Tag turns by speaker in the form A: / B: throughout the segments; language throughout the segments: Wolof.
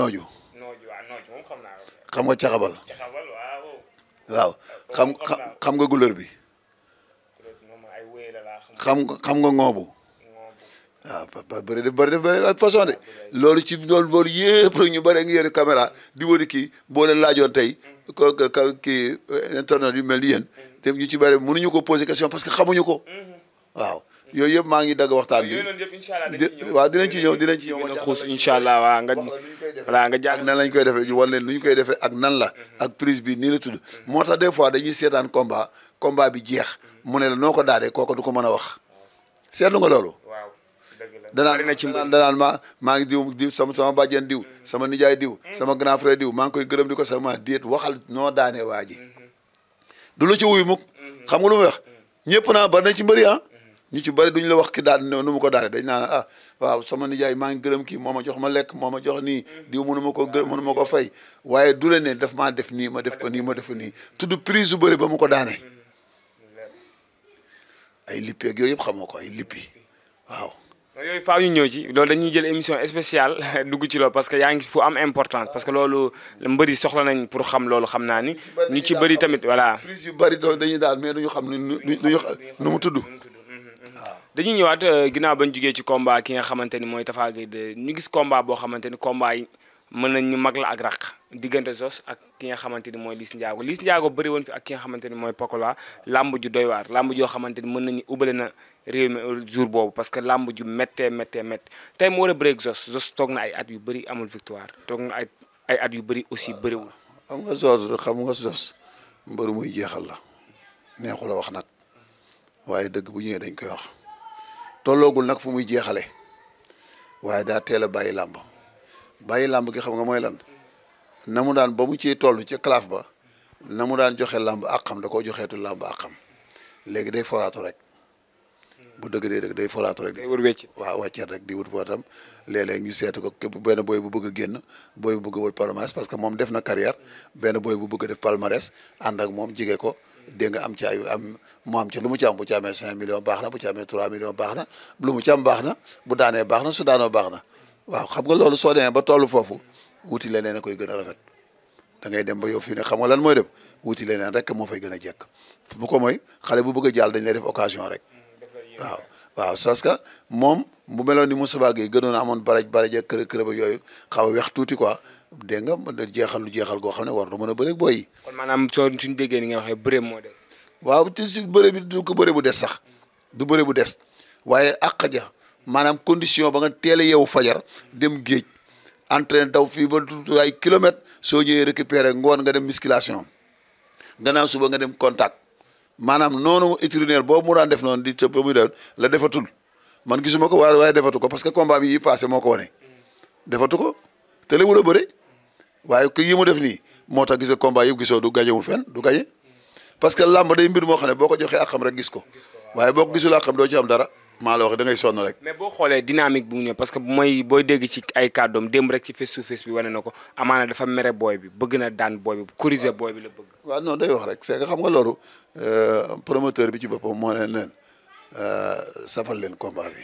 A: nooju
B: ah, xam nga caxabal waaw
A: xam xam nga gulër bi xam nga xam nga ngoobu waaw ah, bari bëri def bëri def bëri façon de loolu ci loolu loolu yëpp la ñu bëri ngi yéen caméra di wari kii boo leen laajoon tey mm. ko kii euh, internet yu mel ni yéen mm. te ñu ci bëri ñu ko poser question parce que xamuñu ko mm-hmm. waaw yooy yëpp maa ngi dagg waxtaan bi
B: waaw dinañ ci ñëw dinañ ci ñëw ma xuus
A: incha allah waa nga voilà nga jàng nan lañ koy defee ñu wan leen nu ñu koy defee ak nan la ak prise bi nii la tudd moo tax des fois dañuy seetaan combat komba bi jeex mu ne la noo ko daadee kooku du ko mën a wax seetlu nga loolu danaan ci danaan maa ngi diw diw sama sama bàjjen diw mm-hmm. sama nijaay diw mm-hmm. sama grand frère diw maa ngi koy gërëm di ko sama déet waxal noo daanee waa ji mm-hmm. du la ci wuyu mukk xam nga lu ñëpp naa bari na ci mbëri ah ñu ci bëri duñu la wax ki daal nu mu ko daale dañ naan ah waaw sama nijaay maa ngi gërëm kii moo ma jox ma lekk moo ma jox nii diw mënu ma ko gërëm mënu ma ko fay waaye du la ne maa def nii ma def ko nii ma def ko nii tudd prise su bëri
B: ba mu ko daane ay lippi ak yooyu yëpp xamoo ko ay lippi waaw yooyu faaw ñu ñëw ci loolu dañuy jël émission spéciale dugg ci loolu parce que yaa ngi fu am importance parce que loolu mbëri soxla nañ pour xam loolu xam naa ni ñu ci bëri tamit voilà nu mu tudd dañuy ñëwaat euh, ginnaaw bañ jugee ci combat ki nga xamante ni mooy Tapha Gueye de ñu gis combat boo xamante ni combat yi mën nañ ñu mag la ak raq diggante Zoss ak ki nga xamante ni mooy Liss Ndiago Liss Ndiago bëri woon fi ak ki nga xamante ni mooy Pokola làmb ju doy waar làmb joo xamante ni mën nañu ubbale na réew mi euh, jour boobu parce que làmb ju méttee méttee méttee tey mu war a bëreeg Zoss Zoss toog na ay at yu bëri amul victoire toog na ay ay at yu bëri aussi bëriwul.
A: xam nga Zoss xam nga Zoss mbër muy jeexal la neexu la wax nag waaye dëgg bu ñëwee dañ koy wax. tolloogul nag fu muy jeexale waaye daa teel a bàyyi làmb bàyyi làmb gi xam nga mooy lan na mu daan ba mu ciy toll ci claf ba na mu daan joxe làmb ak xam da ko joxeetu làmb ak xam léegi day foraatu rek bu dëgg dee rek day foraatu rek. day wër wecc waaw wàcceet rek di wut bootam léeg-léeg ñu seetu ko képp benn booy bu bëgg génn booy bu bëgg a wut parce que moom def na carrière benn booy bu bëgg def palmarès ànd ak moom jige ko. dégg nga am ci ay am mu am ci lu mu ci am bu ci amee 5 millions baax na bu ci amee millions baax na lu mu ci am baax na bu daanee baax na su daanoo baax na waaw xam nga loolu soo demee ba tollu foofu wuti leneen a koy gën a rafet da ngay dem ba yow fii ne xam nga lan mooy dem wuti leneen rek moo fay gën a jekk fu mu ko mooy xale bu bëgg a jàll dañ lay def occasion rek waaw waaw parce que moom bu meloon ni Moussa Gueye gënoon a amoon baraj baraj ak kër ba yooyu xaw a tuuti quoi dégg nga da jeexal lu jeexal goo ne war na mën a bëre booy yi.
B: kon maanaam soo ni nga waxee bëre
A: moo des. waaw ci si du ko bëre bu des sax du bëre bu des waaye àq ja maanaam condition ba nga teel a yeewu fajar dem géej entre daw fii ba ay kilomètres soo ñëwee récupéré ngoon nga dem musculation gannaaw suba nga dem contact maanaam noonu itinéraire boo mu daan def noonu di ca ba muy la defatul man gisuma ko waaye waaye defatu ko parce que combat bi yi passé moo ko wane. defatu waaye ki yi mu def nii moo tax gis combat yëpp gisoo du gañewul fen du gañe parce que làmb day mbir moo xam ne boo ko joxee ak rek gis ko waaye boo ko gisul ak doo ci am dara maa la wax da ngay
B: sonn rek. mais boo xoolee dynamique bu mu ñëw parce que mooy booy ay kàddoom démb rek ci face to face wane na ko amaana dafa mere booy bi bëgg na daan booy bi corriger booy bi la bëgg.
A: waaw non day wax rek c'est que xam nga loolu euh, promoteur bi ci boppam moo leen leen euh, safal leen combat bi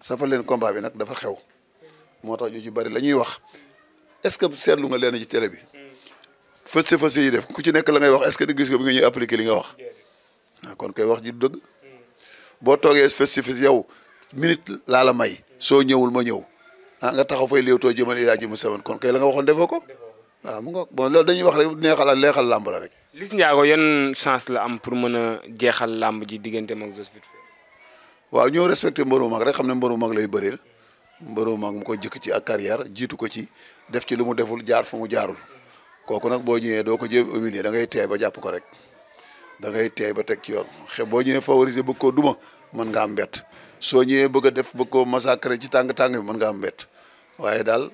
A: safal leen combat bi nag dafa xew moo tax ñu bari la ñuy wax. est-ce que seetlu nga leen ci télé bi fës fës def ku ci nekk la ngay wax est-ce que di gis nga bi nga ñuy appliquer li nga wax ah, kon koy wax ju dëgg hmm. boo toogee fës fës yow minute laa la may soo ñëwul ma ñëw ah nga taxaw fay léewtoo jëmale ilaa ji mu saman kon kay la nga waxoon defoo ko waaw ah, mu nga bon loolu dañuy wax rek neexal leexal làmb la rek.
B: Liss Ndiago yan chance la am pour mën a jeexal làmb ji diggante mag Zoss
A: waaw ñoo respecté mboru mag rek xam ne mboru mag lay bëreel. mbëroo maag mu ko jëkk ci ak carrière jiitu ko ci def ci lu mu deful jaar fu mu jaarul kooku nag boo ñëwee doo ko jéem humilier da ngay teey ba jàpp ko rek dangay ngay teey ba teg ci yoon xe boo ñëwee favoriser bëgg koo duma mën am mbett soo ñëwee bëgg a def bëgg koo massacrer ci tàng-tàng bi mën nga am mbett waaye daal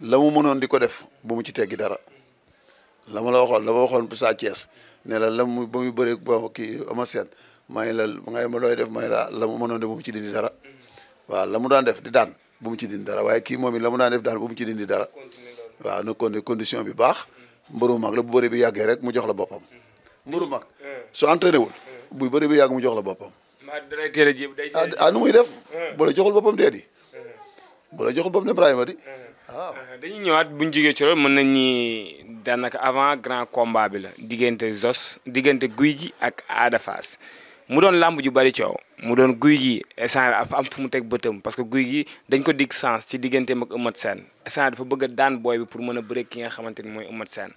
A: la mu mënoon di ko def bu ci teggi dara la ma la waxoon la ma waxoon Sa Thiès ne la la mu ba muy bëri bo kii ama seen may la ngay ma looy def may la la mu mënoon di mu ci dindi dara waaw la mu daan def di daan bu mu ci dindi dara waaye kii moom it la mu daan def daal bu mu ci dindi dara waaw na kon condition bi baax mbëru mag la bu bëri bi yàggee rek mu jox la boppam mbëru mag su entraîné wul bu bëri bi yàgg mu jox la boppam
B: a ah, ah, nu muy def eh. bu la joxul boppam
A: dee di bu la joxul boppam Ibrahima di eh.
B: waaw eh, dañuy ñëwaat buñ jógee ci loolu mën nañ ñi daanaka avant grand combat bi la diggante Zos diggante Guy gi ak Ada mu doon làmb ju bari coow mu doon guy gi instant am fu mu teg bëtam parce que guy gi dañ ko dig sens ci digganteem ak Eumeu Sène instant dafa bëgg a daan booy bi pour mën a bëre ki nga xamante ni mooy Eumeu Sène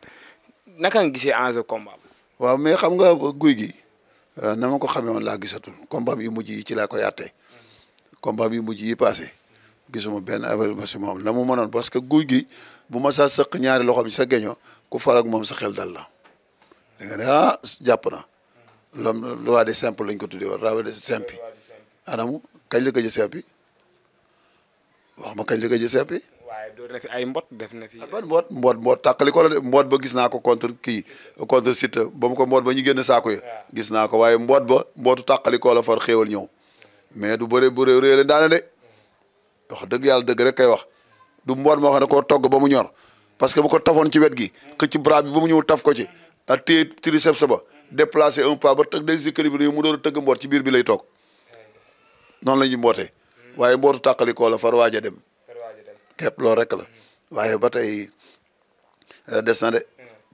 B: naka nga gisee enjeu combat
A: waaw mais xam nga guy gi euh, na ma ko xamee woon laa gisatul combat yu mujj yi ci laa ko yàttee combat yu mujj yi passé gisuma benn avalement si moom la mu mënoon parce que guy gi bu ma saa sëq ñaari loxoom ci sa geño ku farak moom sa xel dal la da nga ne ah, jàpp na loolu loi de simple lañ ko tuddee woon loi de simple anamu kañ la gëj a simple wax ma kañ la gëj a simple.
B: waaye doo def ay mbot def na fi.
A: Ah, ban mboot mboot mboot tàqali ko la de mboot ba gis naa ko contre kii contre site ba mu ko mboot ba ñu génn saako ya gis naa ko waaye mboot ba mbootu tàqali ko la far xéewal ñëw mais du bëre bu réew leen daane de wax dëgg yàlla dëgg rek kay wax du mboot moo xam ne koo togg ba mu ñor parce que bu ko tafoon ci wet gi xëcc bras bi ba mu ñëw taf ko ci ak téye triceps ba. déplacé un pas ba tëgg day déséquilibré mu door tëgg mboot ci biir bi lay toog noonu la ñuy mbootee waaye mbootu tàqalikoo la far waaja a dem képp rek la waaye ba tey euh, des na de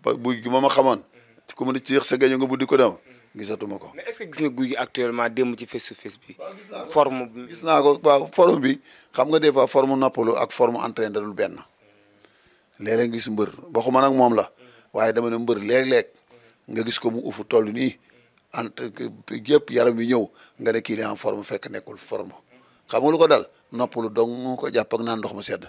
A: ba guy gi moom a xamoon mm-hmm. ku mu ne ci yéex sa gaño nga buddi ko dem mm-hmm. gisatuma ko.
B: mais gis nga guy gi actuellement démb ci face to face bi. forme gis
A: naa ko waaw bi xam nga des fois forme noppalu ak forme entraîné dalul benn mm-hmm. léeg-léeg gis mbër waxuma nag moom la waaye dama mbër léeg-léeg nga gis ko mu ufu toll nii entre yëpp yaram bi ñëw nga ne kii ne en forme fekk nekkul forme xam nga lu ko dal noppalu dong ko jàpp ak naan ndox mu sedd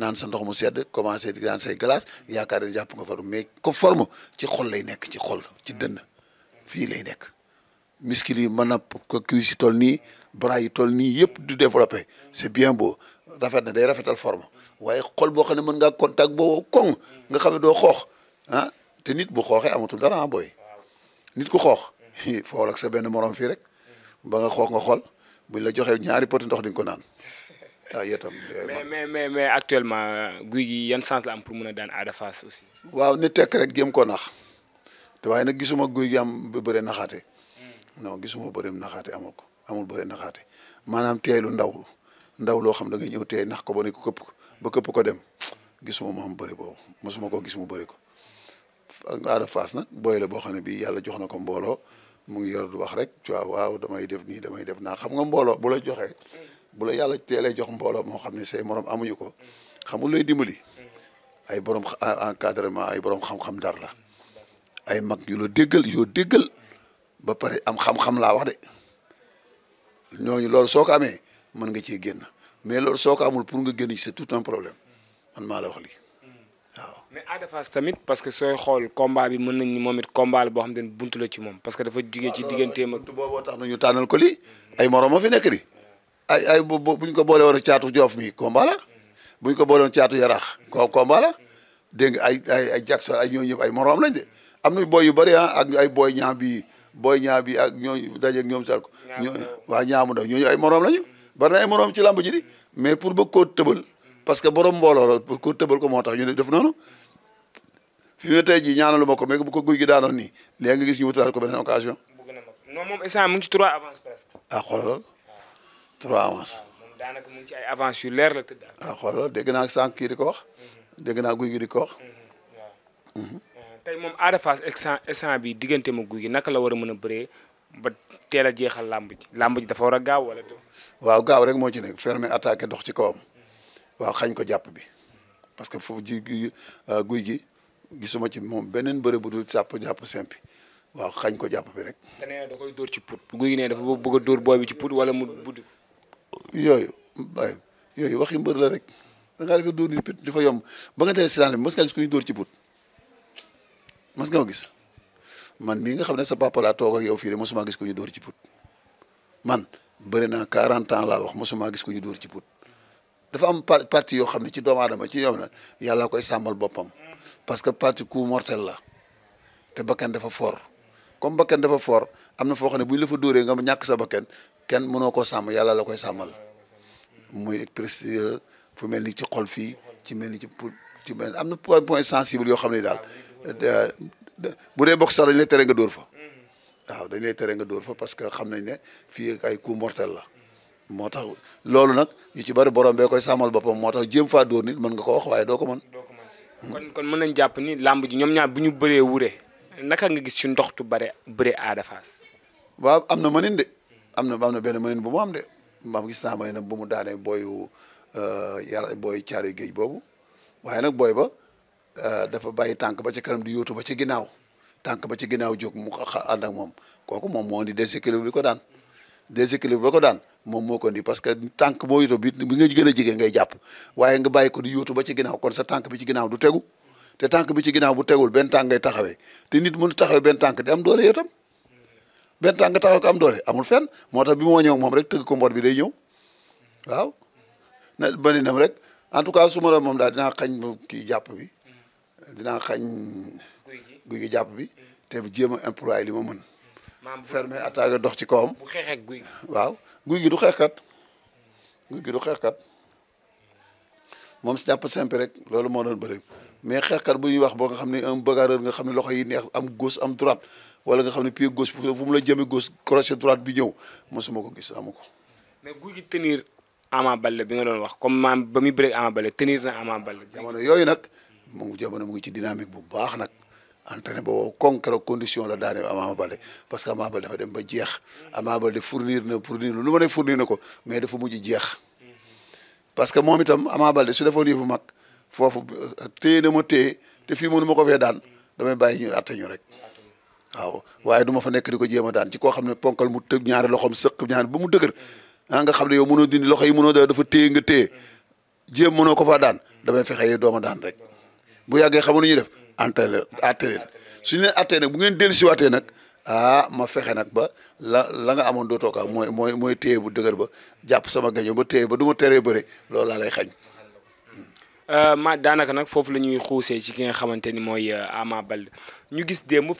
A: naan sa ndox mu sedd commencé di naan say glace yaakaar ne jàpp nga forme mais ko forme ci xol lay nekk ci xol ci dënn fii lay nekk muscle yi mën na ko cuisse yi toll nii bras yi toll nii yëpp du développé c'est bien boo rafet na day rafetal forme waaye xol boo xam ne mën ngaa contact boo koŋ nga xam ne doo xoox ah, te nit bu xooxee amatul dara ah booy nit ku xoox fool ak sa benn morom fii rek ba nga xoox nga xool buñ la joxe ñaari pot ndox di ko naan waaw ah, yetam
B: mais mais mais mais actuellement guy gi yan chance la am pour mun a daan Ada Fass aussi.
A: waaw ni tekk rek jéem koo nax te waaye nag gisuma guy gi ba bëre naxaate. Hmm. na gisuma bëre naxaate amul ko amul bëre naxaate maanaam teelu ndaw ndaw loo xam da ñëw teey nax ko ba ne ko këpp ba këpp ko dem gisuma mu am bëre boobu mosuma ko gis mu bëre ko. a Ada Fass nag booy le boo xam ne bii yàlla jox na ko mbooloo mu ngi yor wax rek tu vois waaw damay def nii damay def naa xam nga mbooloo bu la joxee bu la yàlla teelee jox mbooloo moo xam ne say moroom amuñu ko xam lay dimbali borom encadrement ay borom xam dar la ay mag yu la déggal ba pare am xam laa wax de ñooñu loolu soo ko amee mën nga cee génn mais loolu soo ko amul pour nga génn ci c'est tout un man maa la wax lii.
B: waaw mais Ada Fass tamit parce que sooy xool combat bi mën nañ ni moom it combat la boo xam ne buntu la ci moom parce que dafa jugee ah, digganteem ak. tax na ñu tànnal ay morom ma nekk
A: ay ay bu ko boole woon caatu joof mi combat la bu ñu ko boole woon caatu yaraax ko combat la nga ay ay ay Jackson ay ñooñu ñëpp ay morom lañ de am na booy yu bëri a ah, ak ay booy ñaam bi booy ñaam bi ak ñooñu dajeeg ñoom sar ko ñoo waa ñaamu ndaw ñooñu ay moroom lañu bari na ay morom ci làmb ji di mais pour ba koo tëbal parce que borom mbooloo la pour ko tëbal ko moo tax ñu def noonu fi mu ne tey jii ñaanalu ma ko mais bu ko guy gi daanoon nii léegi nga gis ñu wutalaat ko beneen occasion. bëgg
B: na ma non moom instant mu ngi ci trois avance presque.
A: ah xoolal trois avance. waaw
B: moom daanaka mu ngi ci ay avance yu leer la tëdd.
A: ah xoolal naa sànq kii di ko wax. Mhm. dégg naa guy gi i ko wax.
B: Mhm, mhm. Euh, tey moom Ada Fass instant instant bi diggante ma guy gi naka la war a mën a bëree ba teel a jeexal làmb ji làmb ji dafa war a gaaw wala. waaw
A: gaaw rek moo ci nekk fermer attaqué dox ci kawam. waaw xañ ko jàpp bi parce que foofu ji euh, guy gi gisuma ci moom beneen bëre bu dul sàpp jàpp simpi waaw xañ ko jàpp
B: bi rek. da ne da koy dóor ci put guy gi ne dafa bëgg dóor booy bi ci put wala mu buddi
A: yooyu yooyu waxi mbër la rek da ngaa def dóor yomb ba nga dee sédan bi mos nga gis dóor ci put mos nga ko gis man mii nga xam ne sa papa laa yow fii de mosuma gis ku ñu dóor ci put man bëri naa 40 ans laa wax mosuma gis ku ñu dóor ci put. dafa am parti yoo xam ne ci doomu aadama ci yow na yàlla koy sàmmal boppam parce que parti coup mortel la te bakkan dafa foor comme bakkan dafa foor am na foo xam ne bu ñu la fa dóoree nga ñàkk sa bakkan kenn mënoo koo sàmm yàlla la koy sàmmal muy précieux fu mel ni ci xol fii ci mel ni ci pour ci mel am na point point sensible yoo xam ne daal bu dee bokk sax dañ lay tere nga dóor fa mm-hmm. waaw dañ lay tere nga door fa parce que xam nañ ne fii ay coup mortel la moo tax loolu nag yu ci bari borom bee koy sàmmal boppam moo tax jéem faa dóor nit mën nga koo wax waaye doo ko mën.
B: kon kon mën nañ jàpp ni làmb ji ñoom ñaar bu ñu bëree wure naka nga gis ci ndoxtu bare bëre Ada Fass.
A: waaw am na mënin de am na am na benn mënin bu mu am de maam gis naa mëninam bu mu daanee booyu euh, yar booy caari géej boobu waaye nag booy ba euh, dafa bàyyi tànk ba ci kanam di yóotu ba ci ginnaaw tànk ba ci ginnaaw jóg mu ànd ak moom kooku moom moo di déséquilibre bi ko daan. déséquilibre ba ko daan moom moo ko indi parce que tànk boo yotoo bi bi nga gën a jege ngay jàpp waaye nga bàyyi ko di yóotu ba ci ginnaaw kon sa tànk bi ci ginnaaw du tegu te tànk bi ci ginnaaw bu tegul benn tànk ngay taxawee te nit mënu taxawee benn tànk di am doole yow tam moo tax bi moo ñëw moom rek tëgg ko mboot bi day ñëw waaw na bani nam rek en tout cas su ma la moom daal dinaa xañ kii jàpp bi dinaa xañ guy gi bi te jéem a employé li fermé attaque dox ci kawam. bu xeexee guy waaw guy gi du xeexkat guy gi du xeexkat moom si jàpp simple rek loolu moo doon bëri mais xeexkat bu ñuy wax boo nga xam ne un nga xam ne loxo yi neex am gos am droite wala nga xam ne pied gos fu mu la jëmee gauche crochet droite bi ñëw mosuma ko gis amu ko.
B: mais guy gi tenir Ama Baldé bi nga doon wax comme maam ba muy bëreeg Ama Baldé tenir na Ama Baldé. jamono yooyu nag
A: mu jamono mu ngi ci dynamique entraîné ba wow condition la daane Ama Baldé parce que Ama Baldé dafa dem ba jeex Ama Baldé fournir na fournir lu ma ne fournir na ko mais dafa mujj jeex parce que moom itam Ama Baldé su defoon yëfu mag foofu euh, téye na ma téye te fii mënu ma ko fee daan damay bàyyi ñu atte ñu rek waaw waaye du ma fa nekk di ko jéem a daan ci koo xam ne ponkal mu tëb ñaari loxoom sëq ñaari ba mu dëgër ah nga xam ne yow mënoo dindi loxo yi mënoo dafa téye nga téye jéem mënoo ko faa daan damay fexe yow dooma daan rek bu yàggee xamu nu ñuy def ante leen su ñu leen attee nag bu ngeen dellu siwaatee nag ah ma fexe nag ba la la nga amoon dootoo ko mooy mooy mooy téye bu dëgër ba jàpp sama gajo ba téye ba du ma teree bëre loolu laa lay xañ
B: euh, ma daanaka nag foofu la ñuy xuusee ci ki nga xamante ni mooy euh, Ama Baldé ñu gis démb